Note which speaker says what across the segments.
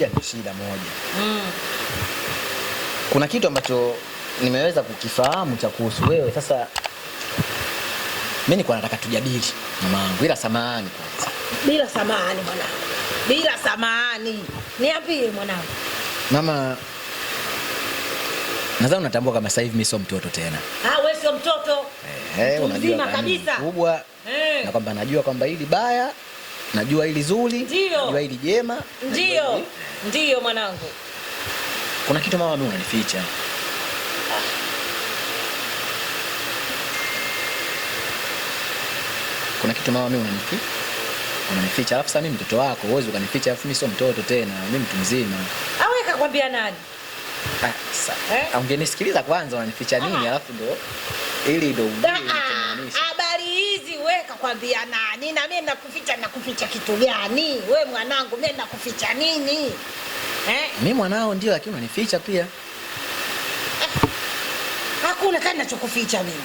Speaker 1: moja ndio shida moja mm. Kuna kitu ambacho nimeweza kukifahamu cha kuhusu wewe. Sasa mimi nilikuwa nataka tujadili mamangu, ila samahani kwanza.
Speaker 2: Bila samahani mwanangu, bila samahani. Niambie mwanangu.
Speaker 1: Mama, nadhani unatambua kama sasa hivi mimi sio mtoto tena.
Speaker 2: Ah, wewe sio mtoto. Eh, hey, unajua kabisa.
Speaker 1: Kubwa. Hey. Eh. Na kwamba najua kwamba hili baya Najua hili zuri, najua hili jema.
Speaker 2: Ndio, ndio mwanangu.
Speaker 1: Kuna kitu mama, mimi unanificha. Ah. Kuna kitu mama, mimi unanificha. Unanificha, alafu sasa mimi mtoto wako, huwezi ukanificha, alafu mimi sio mtoto tena, mimi mtu mzima.
Speaker 2: Awe kwambia nani?
Speaker 1: Ah, eh? Ungenisikiliza kwanza, unanificha nini alafu ndo ili ndo.
Speaker 2: Ah, akakwambia nani? Na mimi nakuficha, nakuficha kitu gani? We mwanangu, mimi nakuficha nini
Speaker 1: eh? Mimi mwanao ndio, lakini unanificha pia eh.
Speaker 2: Hakuna kani nachokuficha mimi.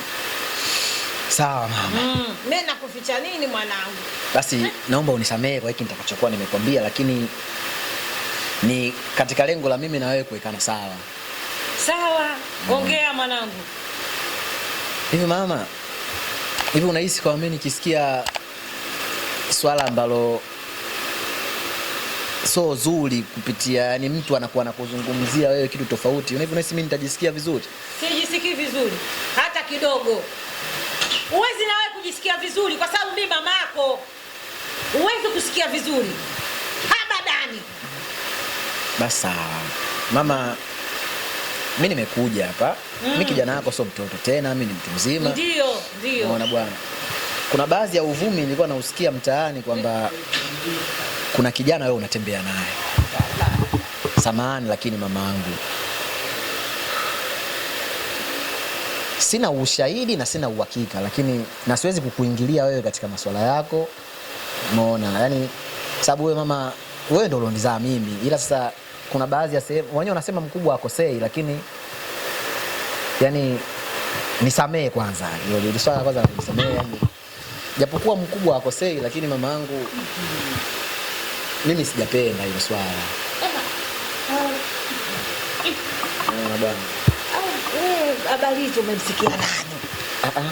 Speaker 1: Sawa mama. Mm,
Speaker 2: mimi nakuficha nini mwanangu?
Speaker 1: Basi eh, naomba unisamehe kwa hiki nitakachokuwa nimekwambia, lakini ni katika lengo la mimi na wewe kuwekana sawa.
Speaker 2: Sawa, mm. ongea mm, mwanangu.
Speaker 1: Hivi mama Hivi unahisi kwa mimi nikisikia swala ambalo so zuri kupitia, yani mtu anakuwa anakuzungumzia wewe kitu tofauti, unahisi mimi nitajisikia vizuri?
Speaker 2: sijisiki vizuri hata kidogo. Huwezi na wewe kujisikia vizuri kwa sababu mimi mama yako, huwezi kusikia vizuri abadani.
Speaker 1: Basa mama mi nimekuja hapa mm. mi kijana wako sio mtoto tena, mi ni mtu mzima.
Speaker 2: Ndio, ndio.
Speaker 1: Unaona bwana, kuna baadhi ya uvumi nilikuwa nausikia mtaani kwamba kuna kijana wewe unatembea naye. samani lakini mamaangu, sina ushahidi na sina uhakika, lakini na siwezi kukuingilia wewe katika masuala yako, umeona, yani sababu wewe mama, wewe ndio ulonizaa mimi, ila sasa kuna baadhi ya sehemu wenyewe wanasema mkubwa akosei, lakini yani nisamee kwanza, hilo swala kwanza nisamee. Japokuwa mkubwa akosei, lakini mama yangu mimi sijapenda hiyo swala
Speaker 2: Habari hizo umemsikia nani?
Speaker 1: Ah, ah.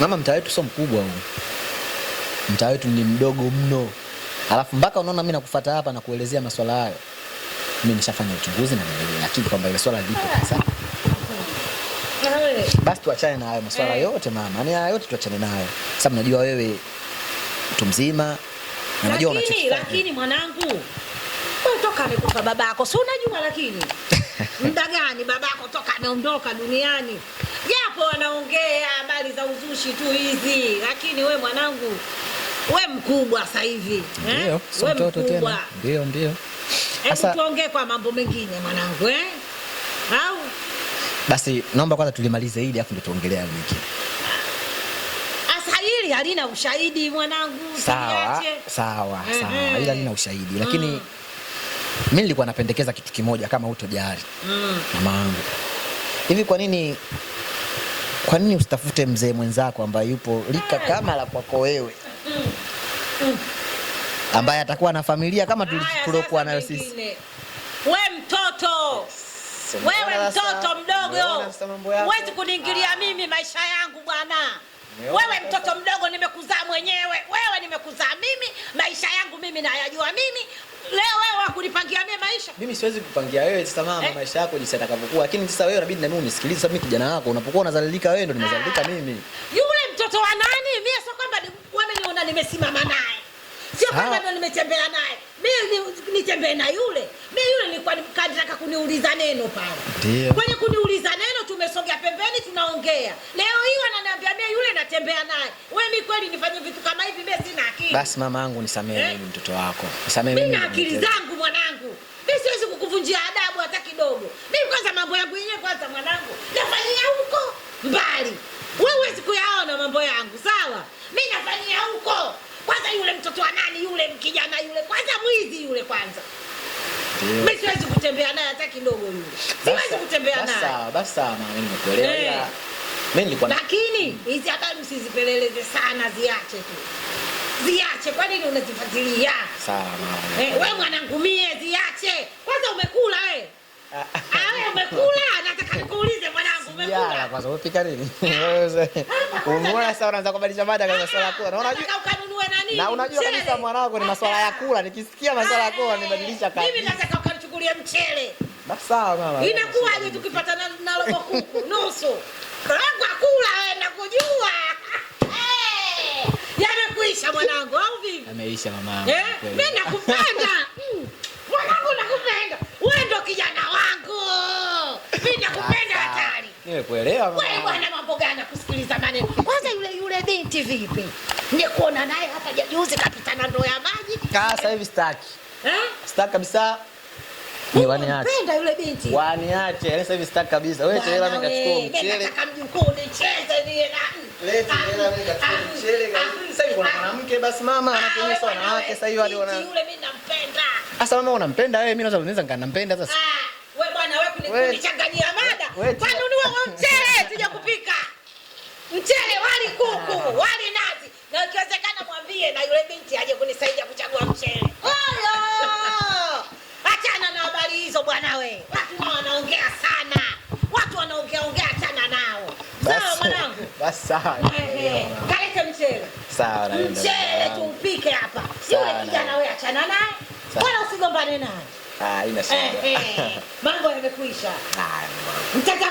Speaker 1: Mama, mtaa wetu sio mkubwa huu, mtaa wetu ni mdogo mno alafu mpaka unaona mimi nakufuata hapa na kuelezea masuala hayo, mimi nishafanya uchunguzi na akili kwamba ile swala lipo sasa. Basi tuachane na hayo masuala yote mama, ni yaani hayo yote tuachane nayo, sababu najua wewe mtu mzima na najua
Speaker 2: unachokifanya. Lakini mwanangu toka amekufa babako, si unajua? Lakini muda gani babako toka ameondoka duniani, japo wanaongea habari za uzushi tu hizi, lakini we mwanangu we mkubwa sasa hivi
Speaker 1: eh? so mtoto tena. Ndio, ndio.
Speaker 2: Hebu tuongee kwa mambo mengine mwanangu eh? Au
Speaker 1: basi naomba kwanza tulimalize hili afu ndio tuongelea wiki.
Speaker 2: Sasa hili halina ushahidi mwanangu.
Speaker 1: Sawa, sawa, eh, Sawa, eh. ila halina ushahidi lakini mm. Mimi nilikuwa napendekeza kitu kimoja kama hutojali mm. Mamaangu hivi, kwa nini kwa nini usitafute mzee mwenzako ambaye yupo lika eh. kama la kwako wewe ambaye atakuwa na familia kama tuliokuwa nayo sisi.
Speaker 2: We mtoto, wewe mtoto mdogo, huwezi kuniingilia ah. mimi maisha yangu bwana. Wewe mtoto mdogo, nimekuzaa mwenyewe, wewe nimekuzaa mimi, maisha yangu mimi nayajua mimi. Leo wewe wakunipangia mimi maisha,
Speaker 1: mimi siwezi kupangia wewe sasa mama eh, maisha yako jinsi atakavyokuwa. Lakini sasa wewe unabidi na mimi unisikilize. Sasa mimi kijana wako, unapokuwa unazalilika wewe, ndo nimezalilika ah. mimi.
Speaker 2: Yule mtoto wa nani? Mimi sio kwamba wameniona nimesimama naye Sio kama ndo nimetembea naye. Mimi nitembee na yule. Mimi yule nilikuwa nikataka kuniuliza neno pale. Ndio. Kwenye kuniuliza neno tumesogea pembeni tunaongea. Leo hii ananiambia mimi yule natembea naye. Wewe mimi kweli nifanye vitu kama hivi mimi sina akili.
Speaker 1: Basi mama yangu nisamehe eh, mimi mtoto wako. Nisamehe mimi. Nina
Speaker 2: akili zangu mwanangu. Mimi siwezi kukuvunjia adabu hata kidogo. Mimi kwanza mambo yangu yenyewe kwanza mwanangu. Nafanyia huko mbali. Wewe huwezi kuyaona mambo yangu, sawa? Mimi nafanyia huko. Kwanza yule mtoto wa nani yule mkijana yule, kwanza mwizi yule kwanza. Mimi siwezi kutembea naye hata kidogo yule. Siwezi kutembea
Speaker 1: naye. basi mimi nimekuelewa. Eh. mimi nilikuwa
Speaker 2: lakini hizi habari msizipeleleze sana, ziache tu. Ziache, kwa nini unazifuatilia? Sawa Eh, wewe mwanangu mie ziache. Kwanza umekula wewe. Ah, ah umekula, nataka nikuulize
Speaker 1: Jana kwanza umepika nini? Unaona sasa unaanza kubadilisha mada kwa masuala ya kula. Na
Speaker 2: unajua ukanunue na nini?
Speaker 1: Na unajua kabisa mwanangu ni masuala ya kula, nikisikia masuala ya kula nibadilisha
Speaker 2: kabisa. Mimi nataka ukanichukulie mchele.
Speaker 1: Basi sawa mama.
Speaker 2: Inakuwaje tukipata na robo kuku nusu? Kanga kula wewe nakujua. Yanakuisha mwanangu au vipi?
Speaker 1: Ameisha mama.
Speaker 2: Eh? Mimi nakupenda. Eh, kuelewa bwana, mambo gani kusikiliza maneno. Kwanza yule yule binti vipi? Nikuona naye hapa jajuzi kapita na ndoo ya maji.
Speaker 1: Sasa hivi sitaki. Eh? Sitaki kabisa. Ni wani waniache.
Speaker 2: Penda yule binti.
Speaker 1: Wani Waniache. Yaani sasa hivi sitaki kabisa. Wewe chelewa mimi kachukua
Speaker 2: mchele. Nataka mjukuu nicheze ni na.
Speaker 1: Leti hela mimi kachukua ah, mchele. Ah, sasa hivi kuna ah. mwanamke basi mama anatumia wanawake sasa hivi wale wana. Yule
Speaker 2: mimi nampenda.
Speaker 1: Sasa mama unampenda wewe, mimi naweza naweza nikanampenda sasa. Ah,
Speaker 2: Wewe bwana wewe kunichanganyia maji wanunue mchele tuje kupika mchele, wali kuku, ah. wali nazi, na ikiwezekana mwambie na yule binti aje kunisaidia kuchagua mchele. Achana na habari hizo bwana, we watu wanaongea sana, watu wanaongea ongea, achana nao. Sawa mwanangu, basi sawa, kalete mchele. Sawa, mchele tumpike hapa. Yule kijana we achana naye, wala usigombane naye.
Speaker 1: Ah, ina shida. Eh,
Speaker 2: eh. Mambo yamekwisha. Ah, mtaka